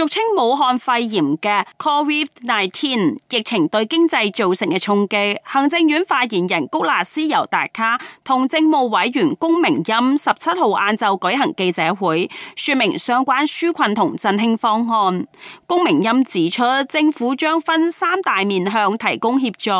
俗稱武漢肺炎嘅 COVID-19 疫情對經濟造成嘅衝擊，行政院發言人谷娜斯尤達卡同政務委員龔明鑫十七號晏晝舉行記者會，說明相關紓困同振興方案。龔明鑫指出，政府將分三大面向提供協助，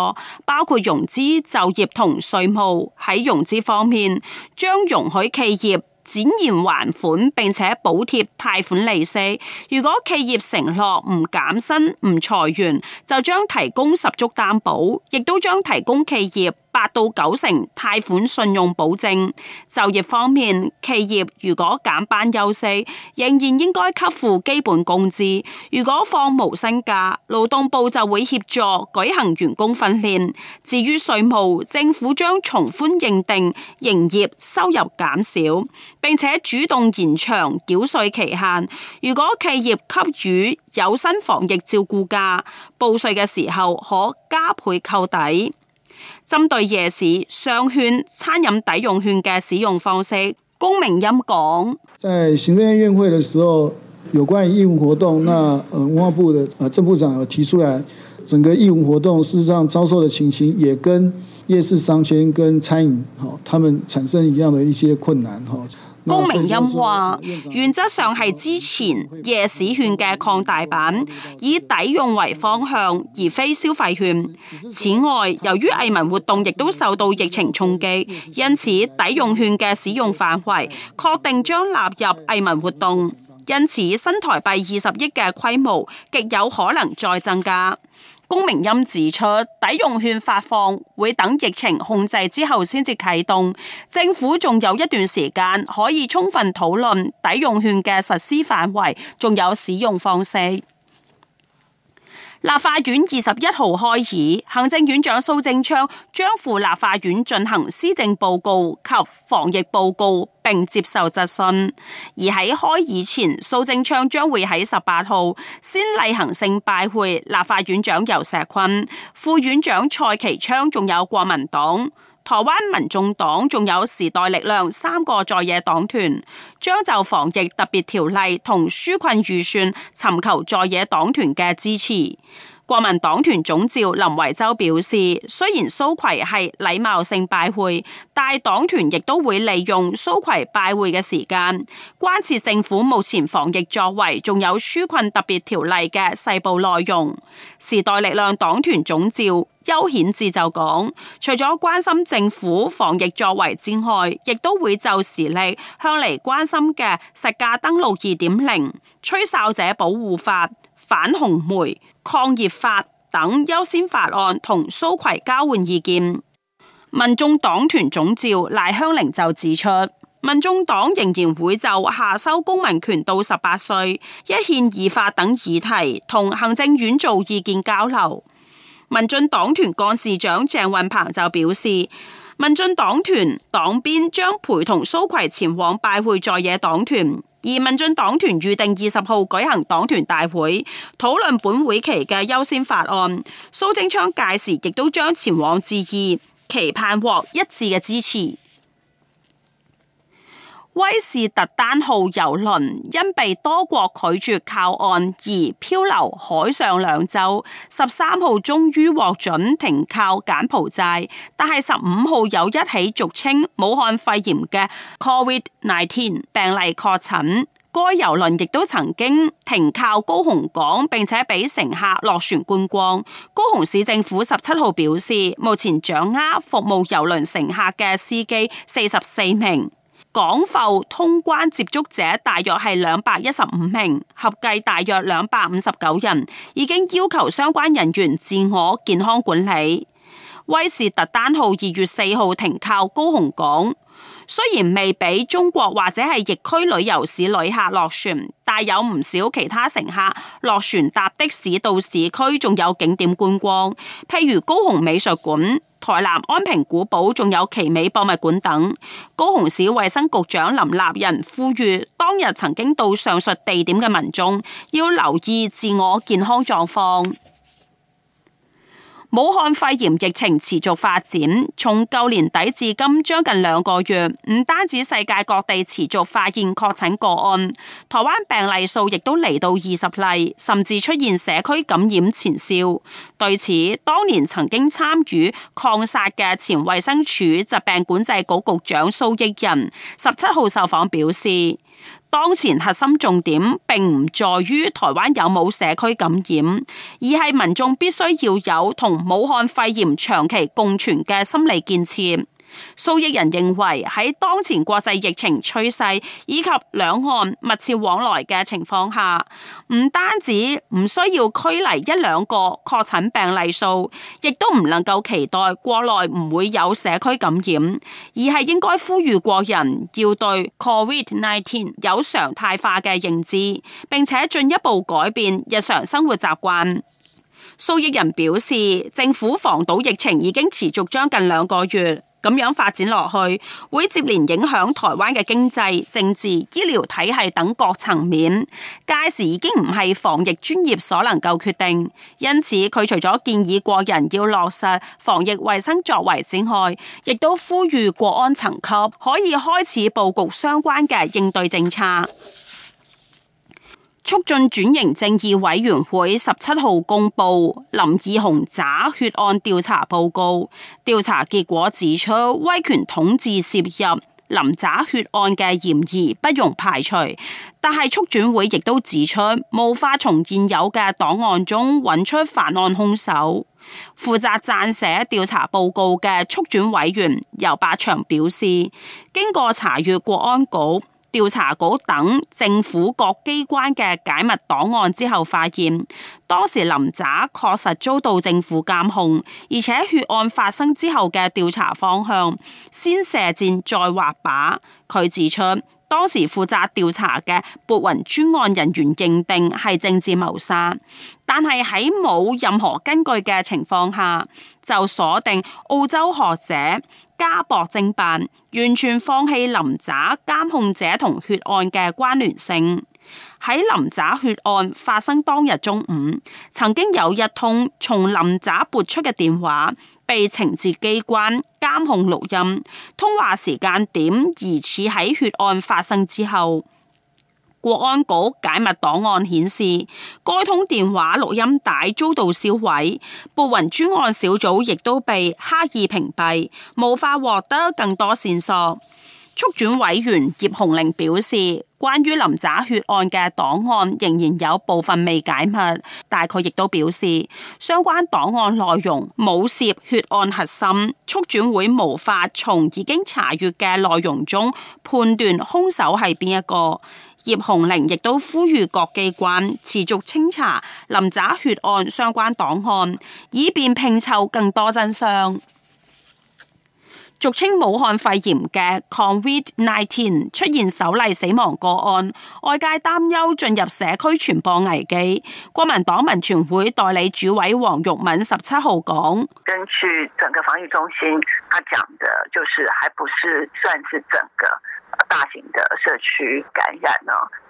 包括融資、就業同稅務。喺融資方面，將容許企業。展延還款並且補貼貸款利息。如果企業承諾唔減薪、唔裁員，就將提供十足擔保，亦都將提供企業。八到九成貸款信用保證。就業方面，企業如果減班休息，仍然應該給付基本工資。如果放無薪假，勞動部就會協助舉行員工訓練。至於稅務，政府將從寬認定營業收入減少，並且主動延長繳稅期限。如果企業給予有薪防疫照顧假，報稅嘅時候可加倍扣抵。針對夜市商圈、餐飲抵用券嘅使用方式，龔明鑫講：在行政院院會嘅時候，有關於藝文活動，那呃文化部的啊鄭部長有提出來，整個藝文活動事實上遭受的情形，也跟夜市商圈跟餐飲哈，他們產生一樣的一些困難哈。龔明鑫話：原則上係之前夜市券嘅擴大版，以抵用為方向，而非消費券。此外，由於藝文活動亦都受到疫情衝擊，因此抵用券嘅使用範圍確定將納入藝文活動，因此新台幣二十億嘅規模極有可能再增加。龔明鑫指出，抵用券發放會等疫情控制之後先至啟動，政府仲有一段時間可以充分討論抵用券嘅實施範圍，仲有使用方式。立法院二十一號開議，行政院長蘇貞昌將赴立法院進行施政報告及防疫報告，並接受質詢。而喺開議前，蘇貞昌將會喺十八號先例行性拜會立法院長游錫堃、副院長蔡其昌，仲有國民黨。台灣民眾黨仲有時代力量三個在野黨團，將就防疫特別條例同紓困預算尋求在野黨團嘅支持。國民黨團總召林維洲表示，雖然蘇揆係禮貌性拜會，但係黨團亦都會利用蘇揆拜會嘅時間，關切政府目前防疫作為，仲有紓困特別條例嘅細部內容。時代力量黨團總召邱顯智就講，除咗關心政府防疫作為之外，亦都會就時力向嚟關心嘅實價登錄二點零、吹哨者保護法、反紅媒。抗疫法等優先法案同蘇揆交換意見，民眾黨團總召賴香玲就指出，民眾黨仍然會就下修公民權到十八歲、一憲二法等議題同行政院做意見交流。民進黨團幹事長鄭運鵬就表示，民進黨團黨鞭將陪同蘇揆前往拜會在野黨團。而民進黨團預定二十號舉行黨團大會，討論本會期嘅優先法案。蘇貞昌屆時亦都將前往致意，期盼獲一致嘅支持。威士特丹號郵輪因被多國拒絕靠岸而漂流海上兩周，十三號終於獲准停靠柬埔寨，但係十五號有一起俗稱武漢肺炎嘅 Covid nineteen 病例確診。該郵輪亦都曾經停靠高雄港，並且俾乘客落船觀光。高雄市政府十七號表示，目前掌握服務郵輪乘客嘅司機四十四名。港埠通關接觸者大約係兩百一十五名，合計大約兩百五十九人，已經要求相關人員自我健康管理。威士特丹號二月四號停靠高雄港。雖然未俾中國或者係疫區旅遊史旅客落船，但有唔少其他乘客落船搭的士到市區，仲有景點觀光，譬如高雄美術館、台南安平古堡，仲有奇美博物館等。高雄市衛生局長林立仁呼籲，當日曾經到上述地點嘅民眾要留意自我健康狀況。武漢肺炎疫情持續發展，從舊年底至今將近兩個月，唔單止世界各地持續發現確診個案，台灣病例數亦都嚟到二十例，甚至出現社區感染前兆。對此，當年曾經參與抗煞嘅前衛生署疾病管制局局長蘇益仁，十七號受訪表示，當前核心重點並唔在於台灣有冇社區感染，而係民眾必須要有同武漢肺炎長期共存嘅心理建設。蘇益仁認為喺當前國際疫情趨勢以及兩岸密切往來嘅情況下，唔單止唔需要拘泥一兩個確診病例數，亦都唔能夠期待國內唔會有社區感染，而係應該呼籲國人要對 COVID-19 有常態化嘅認知，並且進一步改變日常生活習慣。蘇益仁表示，政府防堵疫情已經持續將近，近兩個月。咁樣發展落去，會接連影響台灣嘅經濟、政治、醫療體系等各層面，屆時已經唔係防疫專業所能夠決定。因此，佢除咗建議國人要落實防疫衛生作為之外，亦都呼籲國安層級可以開始布局相關嘅應對政策。促進轉型正義委員會十七號公布林義雄宅血案調查報告，調查結果指出威權統治涉入林宅血案嘅嫌疑不容排除，但係促轉會亦都指出無法從現有嘅檔案中揾出犯案兇手。負責撰寫調查報告嘅促轉委員尤伯祥表示，經過查閱國安局。調查局等政府各機關嘅解密檔案之後，發現當時林宅確實遭到政府監控，而且血案發生之後嘅調查方向先射箭再畫靶。佢指出。當時負責調查嘅撥雲專案人員認定係政治謀殺，但係喺冇任何根據嘅情況下，就鎖定澳洲學者加博偵辦，完全放棄林宅監控者同血案嘅關聯性。喺林宅血案發生當日中午，曾經有一通從林宅撥出嘅電話被情治機關監控錄音，通話時間點疑似喺血案發生之後。國安局解密檔案顯示，該通電話錄音帶遭到銷毀，撥雲專案小組亦都被刻意屏蔽，無法獲得更多線索。促轉委員葉虹靈表示，關於林宅血案嘅檔案仍然有部分未解密，但佢亦都表示，相關檔案內容冇涉血案核心，促轉會無法從已經查閱嘅內容中判斷兇手係邊一個。葉虹靈亦都呼籲各機關持續清查林宅血案相關檔案，以便拼湊更多真相。俗稱武漢肺炎嘅 COVID nineteen 出現首例死亡個案，外界擔憂進入社區傳播危機。國民黨民權會代理主委黃玉敏十七號講：，根據整個防疫中心，他講的，就是還不是算是整個大型的社區感染呢、啊。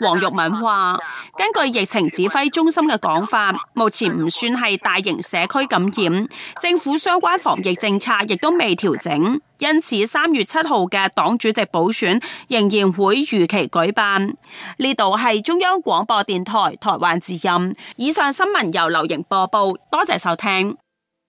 黃玉敏話：根據疫情指揮中心嘅講法，目前唔算係大型社區感染，政府相關防疫政策亦都未調整，因此三月七號嘅黨主席補選仍然會如期舉辦。呢度係中央廣播電台台灣之音。以上新聞由劉瑩播報，多謝收聽。